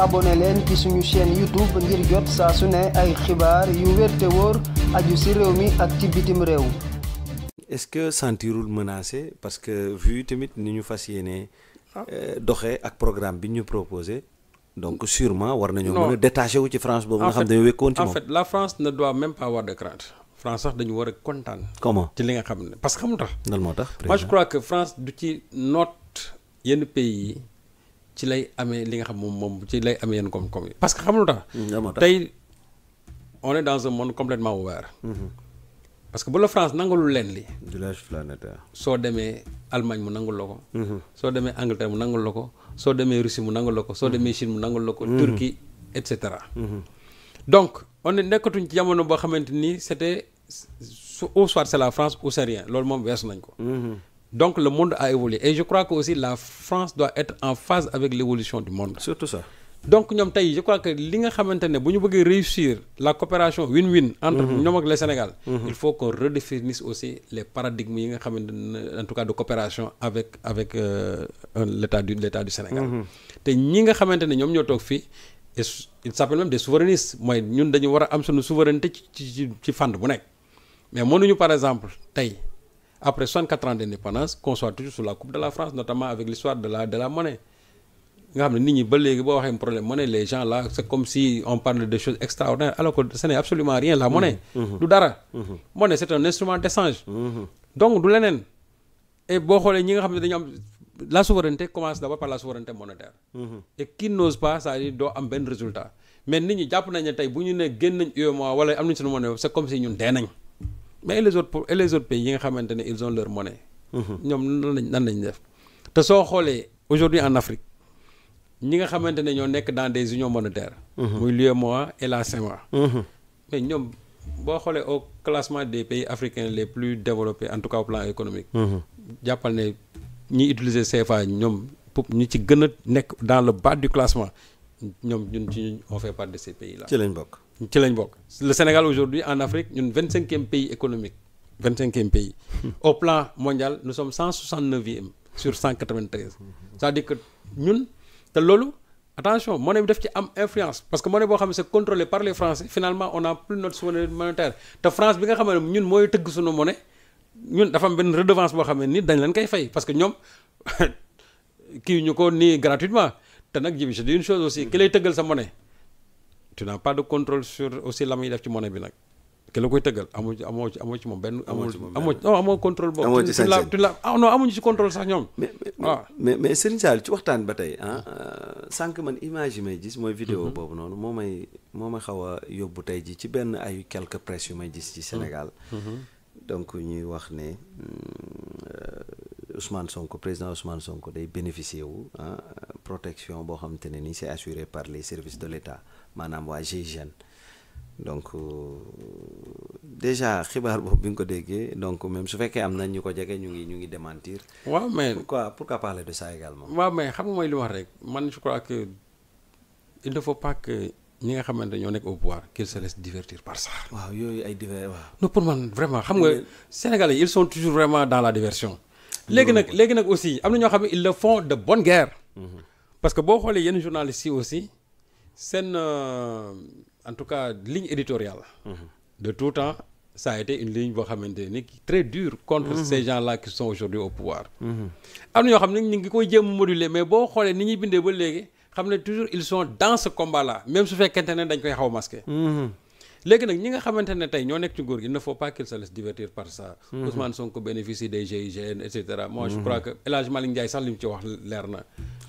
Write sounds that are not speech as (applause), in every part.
abonné leen ci suñu chaîne YouTube ngir jot saa su ne ay xibaar yu wér wóor aju ci réew mi ak ci bitim réew. est-ce que sentirul menacé parce que vu tamit ni ñu fas yéene. Ah. Euh, doxe ak programme bi ñu proposé. donc sûrement war nañoo mën a wu ci France boobu nga xam dañoo wékkoon ci la France ne doit même pas de crainte. France sax dañu war a kontaan. comment ci li nga xam ne parce que xam nga tax. lan moo tax moi je crois que France du ci noot yenn ci lay amee li nga xam moom moom ci lay amee yenn koom-koom yi parce que mm, xam lu tax tey on est dans un monde complètement ouvert mm-hmm. parce que bu la France nangalul leen li village planétaire soo demee Allemagne mu nangul la ko mm-hmm. soo demee Angleterre mu nangul la ko soo demee Russie mu nangul la ko soo mm-hmm. demee Chine mu nangul la ko Turquie et cetera donc on est nekkatuñ ci jamono boo xamante ni c'était ou soit c'est la France ou c'est loolu moom weesu nañ ko donc le monde a évolué et je crois que aussi la France doit être en phase avec l'évolution du monde. surtout ça. donc ñoom tey je crois que li nga xamante ne bu ñu bëggee réussir la coopération win-win. entre mhm. ñoom ak le Sénégal. Mhm. il faut qu'on redéfinisse aussi les paradigmes yi nga xamante ne en tout cas de coopération avec avec euh, l'état du Sénégal. Mhm. te ñi nga xamante ne ñoom ñoo toog fii. et il s'appelle même des souverainistes mooy ñun dañu war am suñu souveraineté ci ci ci fànn bu nekk mais mënuñu par exemple tey. après 64 ans d'indépendance qu'on toujours sous la coupe de la France notamment avec l'histoire de la de nga xam ne nit ñi ba léegi boo waxee problème monnaie les gens là on parle de choses mm-hmm. Mm-hmm. Mm-hmm. boo xoolee ñi nga xam ne dañu am la souveraineté commence d'abord par la souveraineté monétaire et qui n'ose pas cest à doo am benn résultat mais nit ñi jàpp nañ ne tey bu ñu ne génn nañ UEMOA wala am nañ suñu monnaie c'est comme si ñun dee nañ mais les autres et les autres pays yi nga xamante ne ils ont leur monnaie. Mhm. ñoom nan lañ nan lañ def te soo xoolee aujourd'hui en Afrique ñi nga xamante ne ñoo nekk dans des unions monétaires. Mhm. muy mois et la CEMOA. Mhm. mais ñoom boo xoolee o classement des pays africains les plus développés en tout cas au plan économique. jàppal ne ñiy utiliser CFA ñoom pour ñu ci gën nekk dans le bas du classement ñoom ñun ci on fait partie de ces pays là. lañ bokk. ci lañ bokk le Sénégal aujourd'hui en Afrique ñun vingt cinquième pays économique vingt cinquième pays (laughs) au plan mondial nous sommes cent soixante neuvième sur cent quatre vingt treize c'est-à-dire que ñun te loolu attention monnaie bi ci am influence parce que monnaie xam ne c'est contrôlé par les français finalement on n'a plus notre te France bi nga xam ne ñun mooy tëgg suñu monnaie ñun dafa am benn redevance boo xam ne ni dañ leen koy fay parce que ñoom (laughs) kii ñu ko nii gratuitement te nag jibi je dis une chose aussi ki lay tëggal sa monnaie tu n'as pas de contrôle sur aussi la muy def ci monnaie bi nag ki la koy tëggal amoo ci amoo ci amoo ci moom benn. amoo ci moom boobu. noonu moo may moo ma xaw yóbbu tey ji ci benn ay quelques presse yu may gis ci Sénégal. Mhm. Mhm. donc ñuy wax ne hmm, euh, Ousmane Sonko président Ousmane Sonko day bénéficier wu ah, protection boo xamante ne ni c'est assuré par les services de l'État maanaam waa GIGN donc euh, déjà xibaar boobu bi nga ko déggee donc même su fekkee am na ñu ko jege ñu ngi ñu ngi démentir. waaw mais pourquoi pourquoi parler de ça également. waaw mais xam nga mooy li wax rek man je crois que il ne faut pas que ñi nga xamante ñoo nekk au pouvoir qu'ils se laissent divertir par ça. waaw yooyu ay divers waaw. non pour man vraiment xam nga Sénégalais ils sont toujours vraiment dans la diversion. parce que boo xoolee yenn journalistes yi aussi seen euh, en tout cas ligne éditoriale. Mhm. de tout temps ça a été une ligne boo xamante ni très dure. contre mhm. ces gens là qui sont aujourd'hui au pouvoir. Mhm. am na ñoo xam ne ñu ngi koy jéem moduler mais boo xoolee ni ñuy bindee ba léegi xam ne toujours ils sont dans ce combat là même su fekkente ne dañ koy xaw a léegi nag ñi nga xamante ne tey ñoo nekk ci nguur gi il ne faut pas qu'il se laisse divertir par ça. Ousmane Sonko bénéficie des GIGN et cetera. moi je crois que El wax leer na.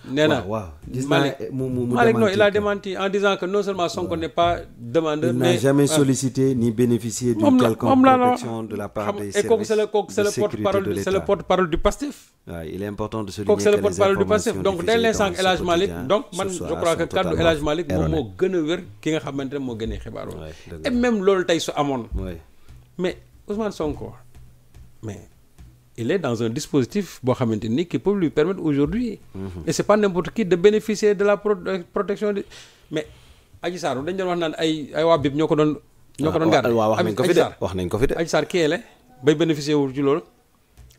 nee na waaw gis mu mu mu il a démenti en disant que non seulement Sonko n'est pas demandeur. il n'a jamais euh, sollicité ni bénéficié d'une quelconque protection de la part des services de sécurité de l'État et c'est le porte-parole du PASTEF. waaw il est important de souligner que donc dès l'instant El Hadj donc man je crois que kaddu El Hadj moom moo gën a wér ki nga xamante ne moo gën a xibaar et même loolu tey su amoon mais Ousmane Sonko mais il est dans un dispositif boo xamante ni qui peut lui permettre aujourd'hui mmh. et c'est pas n'importe qui de bénéficier de la pro euh, protection de mais Adji Sarr dañ doon wax naan ay ay waa bib ñoo ko doon ñoo ko doon ah, garder waaw wax nañ ko fi de wax nañ ko fi de Adji bay bénéficier wu ci loolu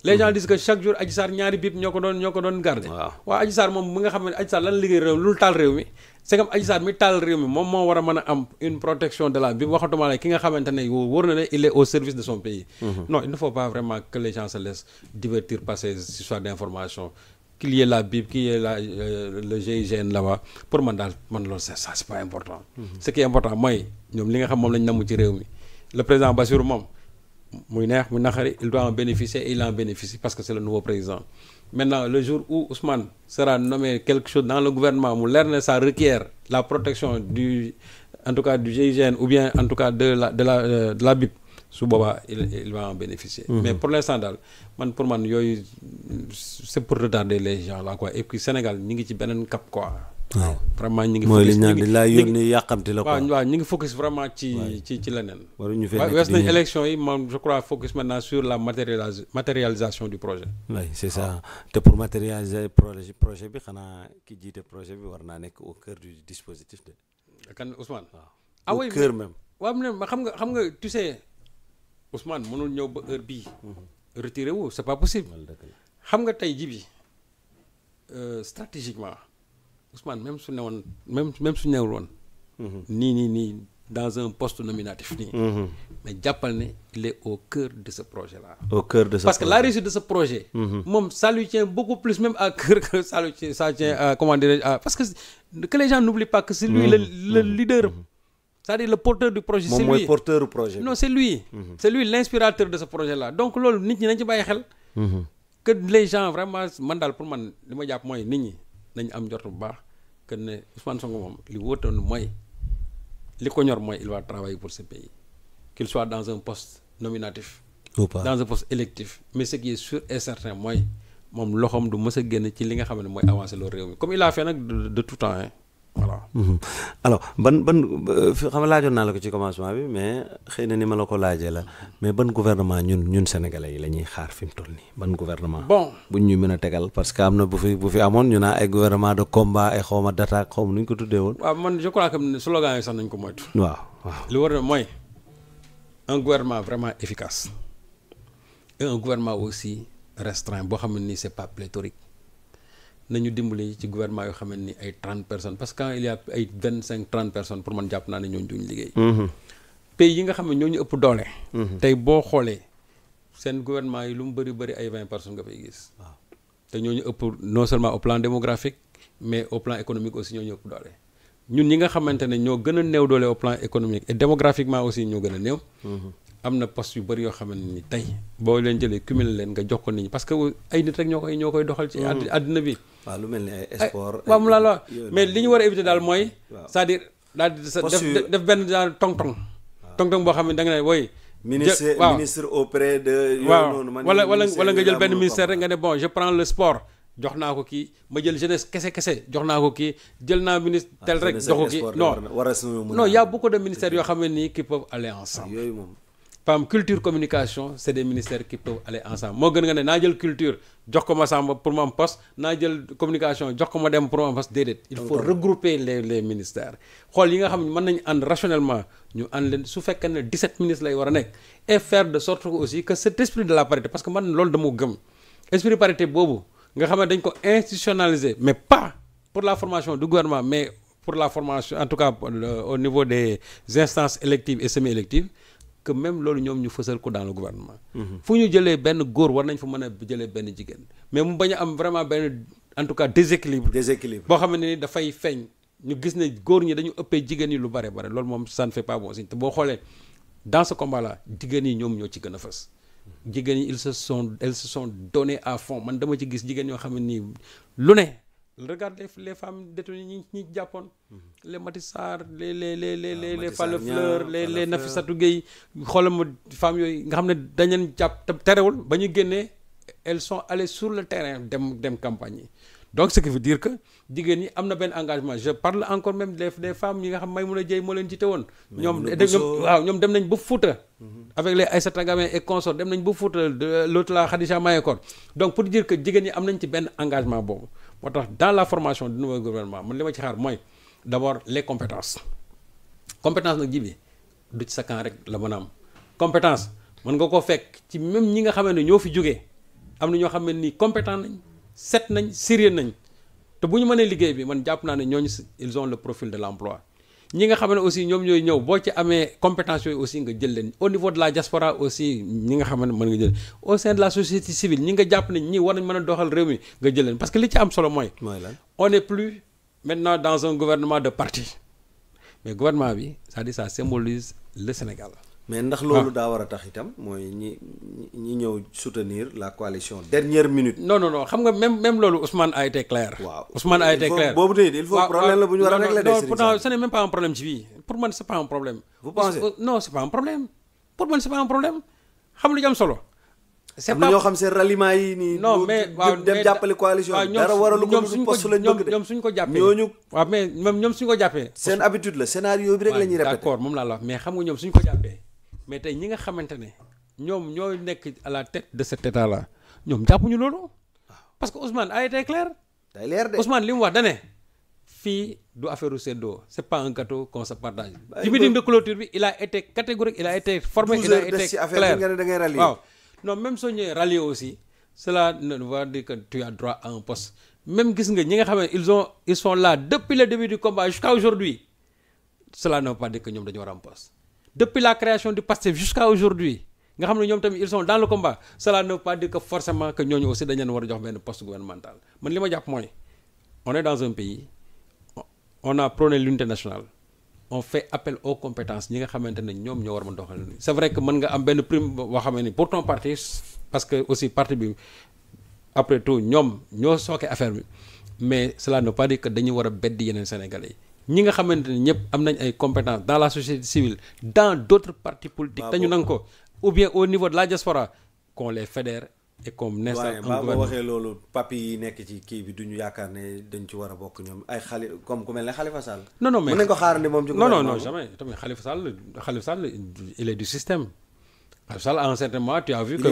les gens disent que chaque jour Adji Sarr ñaari bip ñoo ko doon ñoo ko doon garder. waaw waaw Adji moom mi nga xam ne Adji Sarr lan liggéey réew mi lu taal réew mi. c'est comme Adji mi taal réew mi moom moo war a mën a am une protection de la bip waxatuma la ki nga xamante ne wóor na ne il est au service de son pays. Mhm. non il faut pas vraiment que les gens la laissent divertir par ces histoires d'information. la Bible, qu'il y la, euh, pour man daal man loolu c'est ça c'est pas important. Mm qui important ñoom li nga xam moom lañ namu ci réew mi le président Bassirou moom. muy neex mu naqari il doit en bénéficier et il en bénéficie parce que c'est le nouveau président maintenant le jour où Ousmane sera nommé quelque chose dans le gouvernement mu leer ne ça requiert la protection du en tout cas du GIGN ou bien en tout cas de la de la euh, de la BIP su boobaa il il va en bénéficier. Mm -hmm. mais pour l'instant daal man pour man yooyu c'est pour retarder les gens là quoi et puis Sénégal ñu ngi ci beneen cap quoi. waaw vraiment ñu ngi. mooy li ñaan dañ laa yónni yàqamti la quoi. waaw waaw ñu ngi focus vraiment ci ci ci leneen. waruñu fee nekk wees nañ élection yi moom je crois focus maintenant sur la matérialisation du projet. oui c'est ça te pour matérialiser projet projet bi xanaa ki jiite projet bi war naa nekk au cœur du dispositif de. kan Ousmane. waaw ah au cœur même. waaw ma xam nga xam nga tu sais Ousmane mënul ñëw ba heure bii. Mhm. retiré wu c'est pas possible. xam nga tey ji bi euh, stratégiquement. Ousmane même su newoon même même su newul woon. Mm-hmm. ni nii nii dans un poste nominatif nii. Mm-hmm. mais jàppal ne il est au cœur de ce projet là. parce que la réussite de ce projet. Mm-hmm. moom sa lui tient beaucoup plus même à cœur que ça lui tient ça tient à comment dirais à parce que que les gens n'oublient pas que c'est lui le le leader. c'est-à-dire le porteur du projet. moom mooy porteur du projet. non c'est lui. c'est lui l'inspirateur de ce projet là donc loolu nit ñi nañ ci bàyyi xel. que les gens vraiment man daal pour man li ma jàpp mooy nit ñi. nañ am njort bu baax que ne Ousmane Sonko moom li wóotoon mooy li ko ñor mooy il va travailler pour ce pays qu'il soit dans un poste nominatif ou pas dans un poste électif mais ce qui est et certain mooy moom loxoom du mës génn ci li nga xam ne mooy avancer loo réew mi comme il a fait nag de tout temps voilà. Mhm. alors ban ban euh, xam laajoon naa la ko ci commencement bi mais xëy na ni ma la ko laajee la mais ban gouvernement ñun ñun sénégalais yi la ñuy xaar fi mu toll nii ban gouvernement. bon buñ ñu mën a tegal parce que am na bu fi bu fi amoon ñu naan ay gouvernement de combat ay xawma d'attaque xawma nu ñu ko tuddee woon. waaw man je crois que slogan yi sax nañ ko moytu. waaw waaw li war a mooy un gouvernement vraiment efficace et un gouvernement aussi restreint boo xam ne nii c'est pas pléthorique. nañu dimbali ci gouvernement yoo xamante ni ay trente personnes parce que il y a ay vingt cinq trente personnes pour man jàpp naa ne ñooñu duñ liggéey. Mm-hmm. pays yi nga xam ne ñooñu ëpp doole. Mm-hmm. tey boo xoolee seen gouvernement yi lu mu bëri bëri ay vingt personnes nga fay gis. waaw te ñooñu ëpp non seulement au plan démographique mais au plan économique aussi ñooñu ëpp doole. ñun ñi nga xamante ne ñoo gën a néew doole au plan économique et démographiquement aussi ñoo gën a néew. Mm-hmm. am yoo xamante ni tey boo leen jëlee cumulé leen bi. waaw lu mel ni ay sport la la mais li ñu war a éviter daal mooy c'est-à-dire daal di def def benn genre tong-tong tong-tong boo xam ne da nga ne wooy ministre waaw ministre auprès de waaw wala wala wala nga jël benn ministère rek nga ne bon je prends le sport jox naa ko ki ma jël jeunesse kese kese jox naa ko kii jël naa ministre ah, tel rek jox ko kii non non y a beaucoup de ministères yoo xam ne nii qui peuvent aller ensemble PAM culture communication c' est des ministères qui peuvent aller ensemble moo gën nga ne naa jël culture jox ko ma Samba pour ma am am poste déedéet. il faut regrouper les leen su fekkee ne 17 ministres a nekk et faire de sorte que aussi que cet esprit de la parité parce que man loolu dama gëm esprit parité boobu nga xam dañ ko institutionnaliser mais pas pour la formation du gouvernement mais pour la formation en tout cas euh, au niveau des instances électives et semi que même loolu ñoom ñu fësal ko dans le gouvernement. Mhm. fu ñu jëlee benn góor war nañ fa mën a jëlee benn jigéen. mais mu bañ am vraiment benn en tout cas déséquilibre. déséquilibre boo xam ne ni dafay feeñ. ñu gis ne góor ñi dañu ëppee jigéen ñi lu bare bare loolu moom ça ne fait pas bon te boo xoolee dans ce jigéen yi ñoom ñoo ci gën a fës. jigéen ñi ils se sont elles se sont données à fond man dama ci gis jigéen ñoo xam ne nii lu ne. regardez les femmes détenues ñi ñi jàppoon. Mm-hmm. les Matissar les les les les ah, les les Falla Fleur les les Nafisatou Gueye xoolal ma femmes yooyu nga xam ne dañ jàpp te terewul ba ñu génnee elles sont allées sur le terrain dem dem campagne yi. donc ce qui veut dire que jigéen ñi am na benn engagement je parle encore même des des yi nga xam may mun a jëy moo leen jiite woon. ñoom dem nañ ba Fouta. Mhm. avec les Aïssata Gamé et consorts dem nañ ba Fouta de l'autre la Khadija Mayekor donc pour dire que jigéen ñi am nañ ci benn engagement boobu moo tax dans la formation du nouveau gouvernement man li ma ci xaar mooy d' abord les compétences compétence nag ji bi du ci sa camp rek la mën am compétence mën nga koo fekk ci même ñi nga xam ne ñoo fi jógee am na ñoo xam ne nii compétent nañ. set nañ sérieux nañ te bu ñu mënee liggéey bi man jàpp naa ne ñooñu ils ont le profil de l'emploi ñi nga xam ne aussi ñoom ñooy ñëw boo ci amee compétence yooyu aussi nga jël leen au niveau de la diaspora aussi ñi nga xam ne mën nga jël au sein de la société civile ñi nga jàpp ne ñi war nañ mën a doxal réew mi nga jël leen parce que li ci am solo mooy. mooy lan plus maintenant dans un gouvernement de parti mais gouvernement bi cest di dire ça symbolise le Sénégal. mais ndax loolu ah. daa war a tax itam mooy ñi ñi ñëw soutenir la coalition dernière minute. non non non xam nga même même loolu Ousmane a été clair. waaw Ousmane a été clair boobu tey il faut problème la bu ñu war a régler. non lu ñu solo. c'est pas ñoo xam seen ralliement yi nii. non mais waaw dem jàppale coalition bi. dara waralu ko suñ ko ñoom suñ ko jàppee. seen habitude la scénario bi rek la ñuy répété. d'accord moom laa la mais xam nga ñoom suñ ko jàppee mais tey ñi nga xamante ne ñoom ñooy nekk à la tête de cet état là ñoom jàppuñu loolu. parce que Ousmane a été clair. day leer de Ousmane li mu wax da fii du affaire u seddoo c'est pas un gâteau qu'on se partage. ci meeting de clôture bi il a été catégorique il a été formé. il a été clair waaw non même soo ñëwee rallier aussi la ne veut dire que tu droit à un poste même gis nga ñi nga xam ne ils ont ils sont là depuis le début du combat jusqu'à aujourd'hui cela ne veut war a am poste. depuis la création du PASTEF jusqu'à aujourd'hui nga xam ne ñoom tamit ils sont dans le combat cela ne veut pas dire que forcément que ñooñu aussi dañ leen war a jox benn poste gouvernemental man li ma jàpp mooy on est dans un pays on a prôné l'unité nationale on fait appel aux compétences ñi nga xamante ne ñoom ñoo war a mën doxal c'est vrai que mën nga am benn prime boo xam ne pour ton parti parce que aussi parti bi après tout ñoom ñoo sooke affaire bi mais cela ne veut pas dire que dañu ñi nga xamante ne ñëpp am nañ ay compétences dans la société civile dans d' autres partis politiques te ñu nangu ko ou bien au niveau de la diaspora qu'on les fédère et qu'on naisse un gouvernement waxee loolu papi yi nekk ci kii bi duñu yaakaar ne dañ ci war a bokk ñoom ay xali comme ku mel ne Khalifa Sall. non no mais mën nañ ko xaarandi moom ci. non non non jamais tamit Khalifa Sall Khalifa Sall il est du système Khalifa Sall à un certain tu as vu. que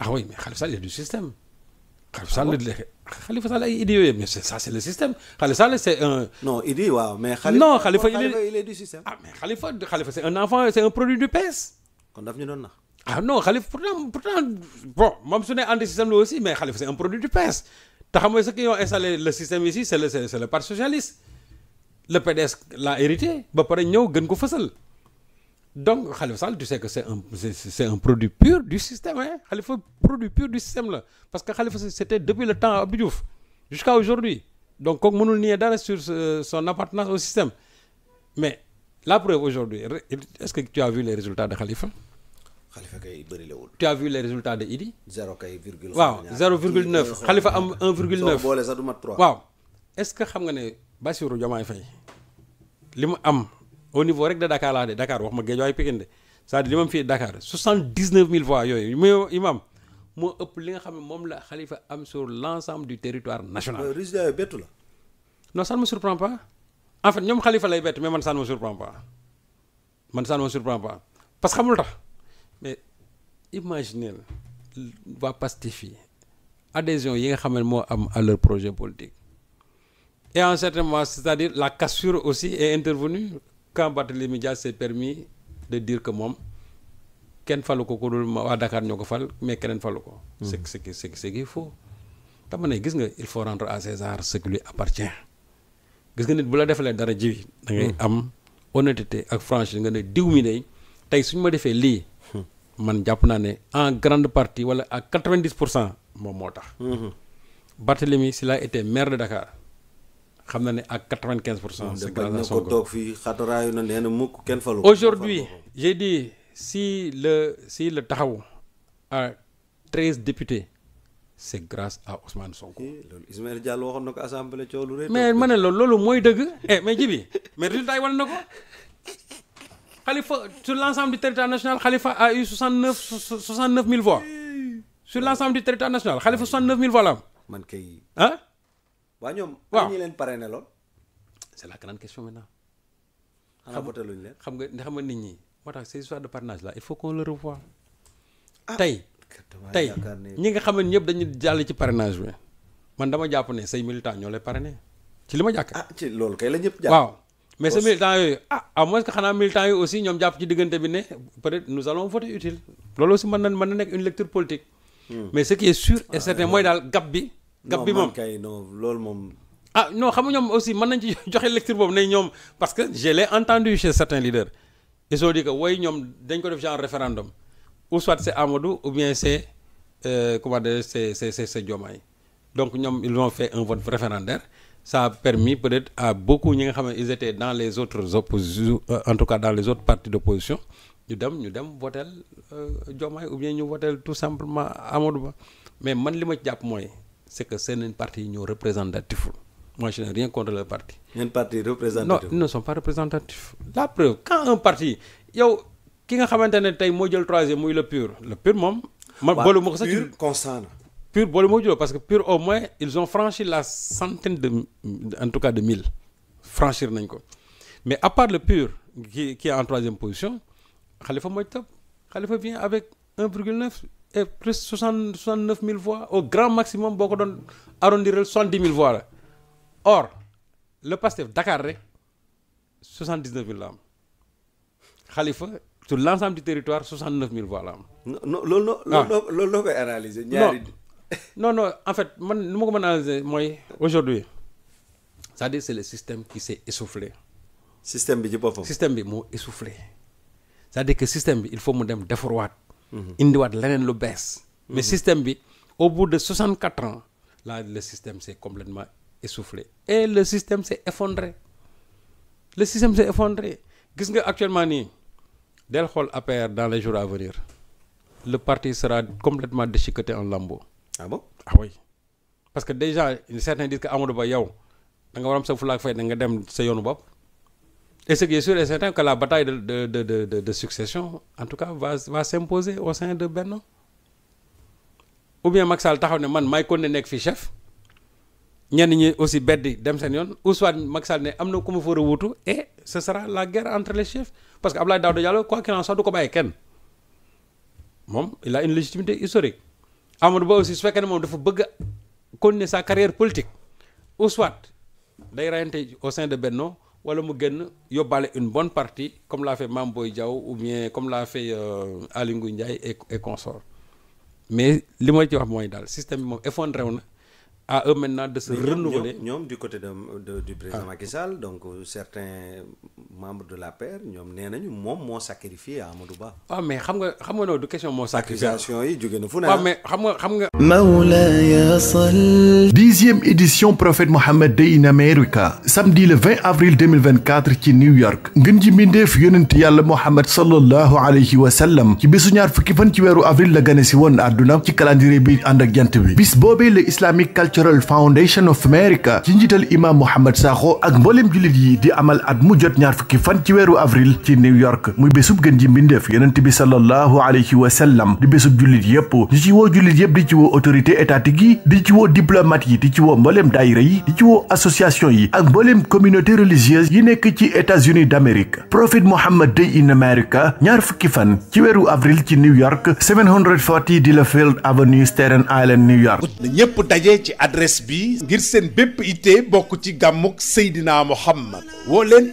ah oui Khalifa Sall Khalifa Sall ay idée yooyu mais ça c' est le système Khalifa Sall c' est un. non idée waaw mais. Khalifa non Khalifa il est il est du système. ah mais Khalifa Khalifa c' est un enfant c' est produit du PS. kon ah, non Khalifa pourtant bon moom su ne anti système la aussi mais Khalifa c' est un produit du PS te xam nga ce qui ont le système ici c' est le parti socialiste le PDS l' hérité ba pare ñëw gën ko fësal. donc Khalifa Sall tu sais que c'est un c'est un produit pur du système hein Khalifa produit pur du système la parce que Khalifa c'était depuis le temps Abdou Diouf jusqu'à aujourd'hui donc kooku mënul nier dara sur euh, son appartenance au système mais la preuve aujourd'hui est-ce que tu as vu les résultats de Khalifa Khalifa kay bërilewul. tu as vu les résultats de Idi. zéro kay virgule. waaw zéro virgule neuf Khalifa am waaw est-ce que xam nga ne Bassirou Diomaye Faye li mu am. au niveau rek de Dakar laa de Dakar wax ma Guédiawaye Pikine de cest à li ma fi dakaar soixante dix neuf mille voix yooyu muy imam moo ëpp li nga xam ne moom la xalifa am sur l' ensemble du territoire national. Euh, résultat yooyu bettu la. non ça ne me surprend pas en fait ñoom Khalifa lay bett mais man ça ne me surprend pas man ça ne me parce que xamul tax mais imaginez va pastifier adhésion yi nga xam ne moo am à leur projet politique et en certain moment c'est-à-dire la cassure aussi est intervenue. quand Barthélémy Dias s'est permis de dire que moom kenn falu ko ku dul waa Dakar ñoo ko fal mais keneen falu ko. c'est hmm. c'est que c'est c'est faux. dama ne gis nga il faut rendre à César ce qui gis nga nit bu la defalee dara jiwi da ngay hmm. am honnêteté ak franchise nga ne diw mi day tey suñu ma defee lii. Hmm. man jàpp naa ne en grande partie wala à quatre-vingt-dix pour cent moom moo tax. Barthélémy s'il a été maire de Dakar. xam na ne ak quatre vingt quinze pour cent. Ah, c'est grâce à Sonko toog fii xataraayu na nee mukk kenn falu. aujourd'hui j'ai si le si le taxaw à treize députés. c'est grâce à Ousmane Sonko. Eh, loolu Ismaël Diallo waxoon na ko assemblée coow lu mais ma ne loolu mooy dëgg. eh mais jibi mais résultat yi wane na ko Khalifa sur l'ensemble du territoire national Khalifa a eu soixante neuf soixante neuf mille voix. sur l'ensemble du territoire national Khalifa ah, soixante neuf mille voix la am. man kay ah. waa ñoom. waaw ñu leen parrainé lool. c' est la grande question maintenant. xanaa voté luñ leen xam nga xam nga nit ñi. moo tax ces histoires de parrainage là il faut qu'on le revoie. Ah, tey tey ñi nga xam ne ñëpp dañu jàll ci parrainage bi. man dama jàpp ne say militant ñoo lay parrainé ci li ma jàkk. ah loolu kay ñëpp jàpp waaw. mais ces militants yooyu ah à ah, moins que xanaa militants yi aussi ñoom jàpp ci diggante bi ne peut-être nous allons voter utile. loolu aussi mën na mën na nekk une lecture politique. Hmm. mais ce qui est sûr et certain ah, mooy daal gab bi. gab bi moom kay non loolu moom. ah non xam nga ñoom aussi mën nañ ci (laughs) joxe lecture boobu ne ñoom parce que je l'ai entendu chez certains leaders ils ont dit que ñoom dañ ko def genre référendum ou soit c'est Amadou ou bien c'est euh, comment dire c'est c'est c'est Diomaye donc ñoom ils ont fait un vote référendaire sa a permis peut-être à beaucoup ñi nga xam ne ils étaient dans les autres oppositions euh, en tout cas dans les autres partis d'opposition ñu dem ñu dem votel euh, Diomaye ou bien ñu votel tout simplement Amadou Ba mais man li ma jàpp mooy c'est que seen parti yi ñoo représentatiful moi je n'ai représentatif ne la preuve quand un parti yow ki nga xamante ne tey moo jël troisième muy le pur le pur moom. man boole ma ko sax pur constant na. boole moo parce que pur au moins ils ont franchi la centaine de en tout cas de mille franchir nañ ko mais à part le pur qui qui est en troisième position Khalifa mooy top Khalifa vient avec et plus soixante soixante neuf mille voix au grand maximum boo ko doon arrondirel soixante dix mille voix la or le Pastef Dakar rek soixante dix neuf mille la am Khalifa sur l' ensemble du territoire soixante neuf mille voix la am. Ah. non loolu loolu (laughs) en fait man nu ma ko mën a analyser mooy aujourd'hui c'est-à-dire c' le système qui s'est essoufflé. système bi ci boppam. système bi moo essoufflé c'est-à-dire que système bi il faut mu dem defarwaat. Mm-hmm. indiwaat leneen lu bees. mais mm-hmm. système bi au bout de soixante 64 ans là le système s'est complètement essoufflé et le système s'est effondré le système s'est effondré gis nga actuellement nii del xool APR dans les jours à venir le parti sera complètement déchiqueté en lambeaux. ah bon ah parce que déjà certains disent que Amadou Ba yow da nga war sa fulaak fay da nga dem sa yoonu bopp. e ce qui est sûr et certain la bataille de de de succession en tout cas va va s'imposer au sein de Benno ou bien Macky taxaw ne man may kon ne nekk fi chef ñenn ñi aussi beddi dem seen yoon au soit Macky Sall ne am na ku ma fa war a wuutu et entre les parce que Abdoulaye Daouda Diallo quoi qu'il en soit du ko bàyyi kenn moom il a une légitimité historique Amadou Ba aussi su fekkee ne moom dafa bëgg a continuer sa carrière politique ou soit day rayante au sein de Benno wala mu génn yóbbaale une bonne partie comme l'a fait Mame booy Diao ou bien comme l'a fait euh, Aly Ngouille et et consorts mais li ma ci wax mooy daal système bi moom effondré wu na à eux maintenant de se renouveler ñoom du côté de, de du président ah. Macky Sall donc certains membre de la paire ñoom nee nañu moom moo sacrifié Amadou Ba. waaw ah, mais xam nga xam nga loolu du question moo. sacrifié accusation yi jóge na fu ne waaw ah, ah. mais xam nga xam nga. Mawlaya Sall. dixième édition prophète Mohammed Day in America samedi le 20 avril 2024 ci New York. ngën ji mbindeef yonent yàlla Mohammed sallallahu alayhi wa sallam ci bésu ñaar fukki fan ci weeru avril la gane si woon àdduna ci calendrier bi ànd ak jant bi. bis boobee le Islamic Cultural Foundation of America ci njiital imam Mohammed Sakho ak mboolem jullit yi di amal at mu jot ñaar fukki fukki fan ci weeru avril ci New York muy bésub gën ji mbindeef yonent bi sallallahu alayhi wa di bésub jullit yépp di ci woo jullit yépp di ci woo autorité étatique yi di ci woo diplomate yi di ci woo mbooleem daayira yi di ci woo association yi ak mbooleem communauté religieuse yi nekk ci États-Unis d'Amérique Prophet Muhammad Day in America ñaar fukki fan ci weeru avril ci New York 740 Delafield Avenue Staten Island New York na ñépp daje ci adresse bi ngir seen bépp ittee bokk ci gàmmuk Seydina Muhammad woo leen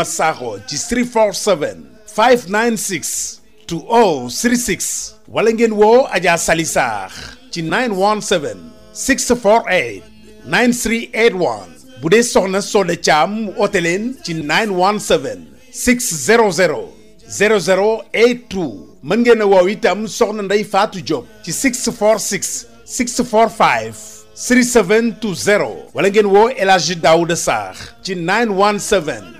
Mohamed Sakho ci 347 596 2036 wala ngeen woo Adja Sali Sarr ci 917 648 9381 bu dee soxna ci Thiam mu oote leen ci 917 600 0082 mën ngeen a woow itam soxna Ndeye Fatou Diop ci 646 645. 3720 wala ngeen woo El Hadji Daouda Sarr ci 917